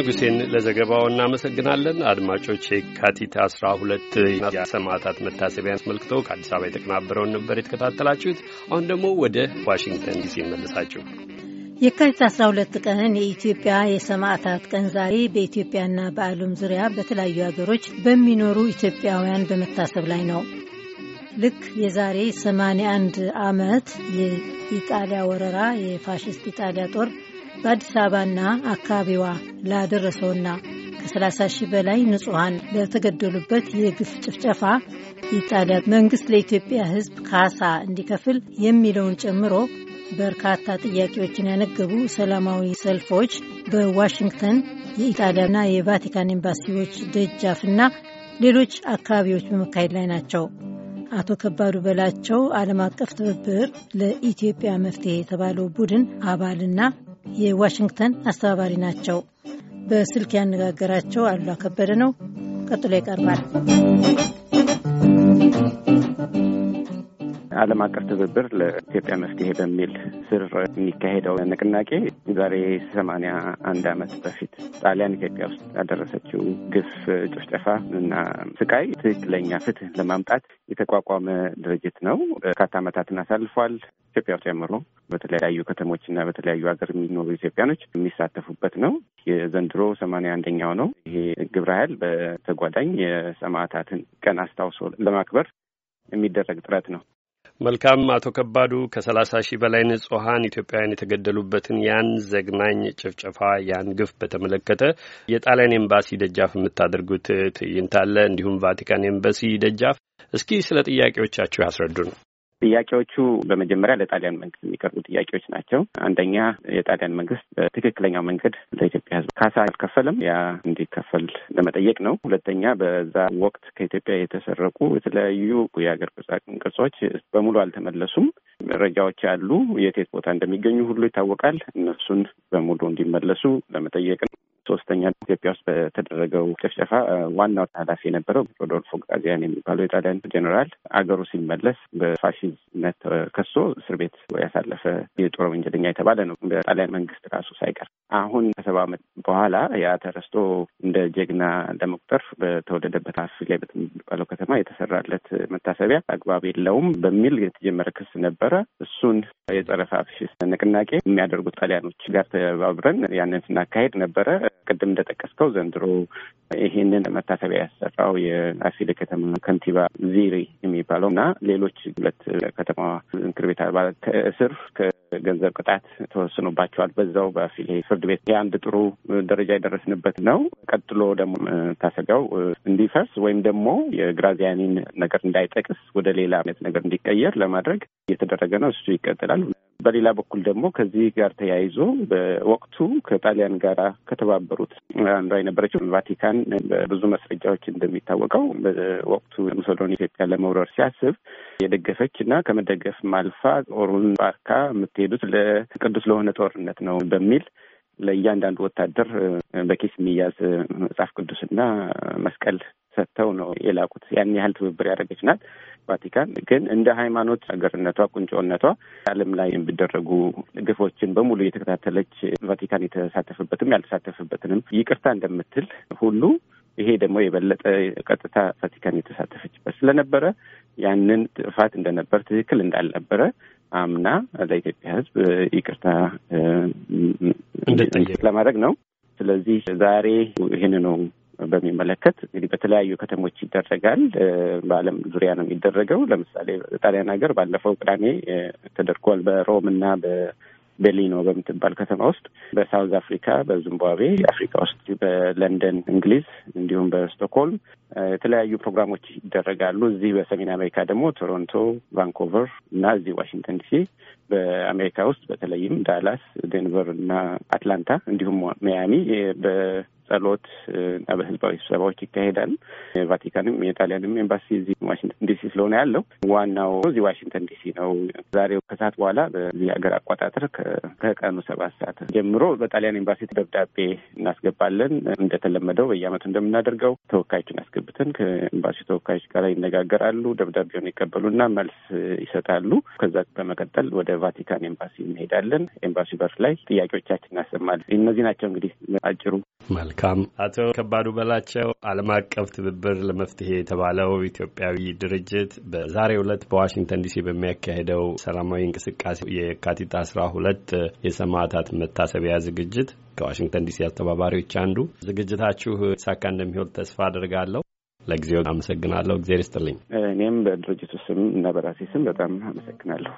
ንጉሴን ለዘገባው እናመሰግናለን። አድማጮች የካቲት አስራ ሁለት የሰማዕታት መታሰቢያን አስመልክቶ ከአዲስ አበባ የተቀናበረውን ነበር የተከታተላችሁት። አሁን ደግሞ ወደ ዋሽንግተን ዲሲ መለሳችሁ። የካቲት 12 ቀን የኢትዮጵያ የሰማዕታት ቀን ዛሬ በኢትዮጵያና በዓለም ዙሪያ በተለያዩ ሀገሮች በሚኖሩ ኢትዮጵያውያን በመታሰብ ላይ ነው። ልክ የዛሬ 81 ዓመት የኢጣሊያ ወረራ የፋሽስት ኢጣሊያ ጦር በአዲስ አበባና አካባቢዋ ላደረሰውና ከ30 ሺህ በላይ ንጹሐን ለተገደሉበት የግፍ ጭፍጨፋ የኢጣሊያ መንግሥት ለኢትዮጵያ ሕዝብ ካሳ እንዲከፍል የሚለውን ጨምሮ በርካታ ጥያቄዎችን ያነገቡ ሰላማዊ ሰልፎች በዋሽንግተን የኢጣሊያና የቫቲካን ኤምባሲዎች ደጃፍና ሌሎች አካባቢዎች በመካሄድ ላይ ናቸው። አቶ ከባዱ በላቸው ዓለም አቀፍ ትብብር ለኢትዮጵያ መፍትሄ የተባለው ቡድን አባልና የዋሽንግተን አስተባባሪ ናቸው። በስልክ ያነጋገራቸው አሉላ ከበደ ነው። ቀጥሎ ይቀርባል። ዓለም አቀፍ ትብብር ለኢትዮጵያ መፍትሄ በሚል ስር የሚካሄደው ንቅናቄ ዛሬ ሰማንያ አንድ ዓመት በፊት ጣሊያን ኢትዮጵያ ውስጥ ያደረሰችው ግፍ፣ ጭፍጨፋ እና ስቃይ ትክክለኛ ፍትህ ለማምጣት የተቋቋመ ድርጅት ነው። በርካታ ዓመታትን አሳልፏል። ኢትዮጵያ ውስጥ ጨምሮ በተለያዩ ከተሞች እና በተለያዩ ሀገር የሚኖሩ ኢትዮጵያኖች የሚሳተፉበት ነው። የዘንድሮ ሰማንያ አንደኛው ነው። ይሄ ግብረ ኃይል በተጓዳኝ የሰማዕታትን ቀን አስታውሶ ለማክበር የሚደረግ ጥረት ነው። መልካም አቶ ከባዱ ከሰላሳ ሺህ በላይ ንጹሐን ኢትዮጵያውያን የተገደሉበትን ያን ዘግናኝ ጭፍጨፋ ያን ግፍ በተመለከተ የጣሊያን ኤምባሲ ደጃፍ የምታደርጉት ትዕይንት አለ፣ እንዲሁም ቫቲካን ኤምባሲ ደጃፍ። እስኪ ስለ ጥያቄዎቻችሁ ነው ጥያቄዎቹ በመጀመሪያ ለጣሊያን መንግስት የሚቀርቡ ጥያቄዎች ናቸው። አንደኛ የጣሊያን መንግስት በትክክለኛው መንገድ ለኢትዮጵያ ሕዝብ ካሳ አልከፈልም፣ ያ እንዲከፈል ለመጠየቅ ነው። ሁለተኛ በዛ ወቅት ከኢትዮጵያ የተሰረቁ የተለያዩ የሀገር ቅርጾች በሙሉ አልተመለሱም። መረጃዎች አሉ። የት የት ቦታ እንደሚገኙ ሁሉ ይታወቃል። እነሱን በሙሉ እንዲመለሱ ለመጠየቅ ነው። ሶስተኛ ኢትዮጵያ ውስጥ በተደረገው ጭፍጨፋ ዋናው ኃላፊ የነበረው ሮዶልፎ ግራዚያኒ የሚባለው የጣሊያን ጀኔራል አገሩ ሲመለስ በፋሽዝነት ከሶ እስር ቤት ያሳለፈ የጦር ወንጀለኛ የተባለ ነው በጣሊያን መንግስት ራሱ ሳይቀር። አሁን ከሰባ ዓመት በኋላ ያ ተረስቶ እንደ ጀግና ለመቁጠር በተወለደበት አፍ ላይ በምትባለው ከተማ የተሰራለት መታሰቢያ አግባብ የለውም በሚል የተጀመረ ክስ ነበረ። እሱን የጸረ ፋሺስት ንቅናቄ የሚያደርጉት ጣሊያኖች ጋር ተባብረን ያንን ስናካሄድ ነበረ። ቅድም እንደጠቀስከው ዘንድሮ ይሄንን መታሰቢያ ያሰራው የአሲሌ ከተማ ከንቲባ ዚሪ የሚባለው እና ሌሎች ሁለት ከተማ ምክር ቤት አባላት ከእስር ከገንዘብ ቅጣት ተወስኖባቸዋል። በዛው በአፊሌ ፍርድ ቤት የአንድ ጥሩ ደረጃ የደረስንበት ነው። ቀጥሎ ደግሞ መታሰቢያው እንዲፈርስ ወይም ደግሞ የግራዚያኒን ነገር እንዳይጠቅስ ወደ ሌላ አይነት ነገር እንዲቀየር ለማድረግ እየተደረገ ነው። እሱ ይቀጥላል። በሌላ በኩል ደግሞ ከዚህ ጋር ተያይዞ በወቅቱ ከጣሊያን ጋር ከተባበሩት አንዷ የነበረችው ቫቲካን በብዙ መስረጃዎች እንደሚታወቀው በወቅቱ ሙሶሎኒ ኢትዮጵያ ለመውረር ሲያስብ የደገፈች እና ከመደገፍ ማልፋ ጦሩን ባርካ የምትሄዱት ለቅዱስ ለሆነ ጦርነት ነው በሚል ለእያንዳንዱ ወታደር በኪስ የሚያዝ መጽሐፍ ቅዱስና መስቀል ሰጥተው ነው የላኩት። ያን ያህል ትብብር ያደረገች ናት። ቫቲካን ግን እንደ ሃይማኖት ሀገርነቷ ቁንጮነቷ ዓለም ላይ የሚደረጉ ግፎችን በሙሉ እየተከታተለች ቫቲካን የተሳተፈበትም ያልተሳተፈበትንም ይቅርታ እንደምትል ሁሉ ይሄ ደግሞ የበለጠ ቀጥታ ቫቲካን የተሳተፈችበት ስለነበረ ያንን ጥፋት እንደነበር ትክክል እንዳልነበረ አምና ለኢትዮጵያ ሕዝብ ይቅርታ እንድጠየቅ ለማድረግ ነው። ስለዚህ ዛሬ ይህን ነው በሚመለከት እንግዲህ በተለያዩ ከተሞች ይደረጋል። በዓለም ዙሪያ ነው የሚደረገው። ለምሳሌ ጣሊያን ሀገር ባለፈው ቅዳሜ ተደርጓል በሮም እና በቤሊኖ በምትባል ከተማ ውስጥ፣ በሳውዝ አፍሪካ፣ በዚምባብዌ አፍሪካ ውስጥ፣ በለንደን እንግሊዝ፣ እንዲሁም በስቶክሆልም የተለያዩ ፕሮግራሞች ይደረጋሉ። እዚህ በሰሜን አሜሪካ ደግሞ ቶሮንቶ፣ ቫንኮቨር እና እዚህ ዋሽንግተን ዲሲ በአሜሪካ ውስጥ በተለይም ዳላስ፣ ዴንቨር እና አትላንታ እንዲሁም ሚያሚ በጸሎት እና በህዝባዊ ስብሰባዎች ይካሄዳል። የቫቲካንም የጣሊያንም ኤምባሲ እዚህ ዋሽንግተን ዲሲ ስለሆነ ያለው ዋናው እዚህ ዋሽንግተን ዲሲ ነው። ዛሬው ከሰዓት በኋላ በዚህ ሀገር አቆጣጠር ከቀኑ ሰባት ሰዓት ጀምሮ በጣሊያን ኤምባሲ ደብዳቤ እናስገባለን። እንደተለመደው በየአመቱ እንደምናደርገው ተወካዮችን አስገ የሚያስገቡትን ከኤምባሲ ተወካዮች ጋር ይነጋገራሉ። ደብዳቤውን ይቀበሉና መልስ ይሰጣሉ። ከዛ በመቀጠል ወደ ቫቲካን ኤምባሲ እንሄዳለን። ኤምባሲ በር ላይ ጥያቄዎቻችን እናሰማለን። እነዚህ ናቸው እንግዲህ አጭሩ። መልካም። አቶ ከባዱ በላቸው ዓለም አቀፍ ትብብር ለመፍትሄ የተባለው ኢትዮጵያዊ ድርጅት በዛሬው ዕለት በዋሽንግተን ዲሲ በሚያካሄደው ሰላማዊ እንቅስቃሴ የካቲት አስራ ሁለት የሰማዕታት መታሰቢያ ዝግጅት ከዋሽንግተን ዲሲ አስተባባሪዎች አንዱ ዝግጅታችሁ ሳካ እንደሚሆን ተስፋ አድርጋለሁ። ለጊዜው አመሰግናለሁ። እግዜር ይስጥልኝ። እኔም በድርጅቱ ስም እና በራሴ ስም በጣም አመሰግናለሁ።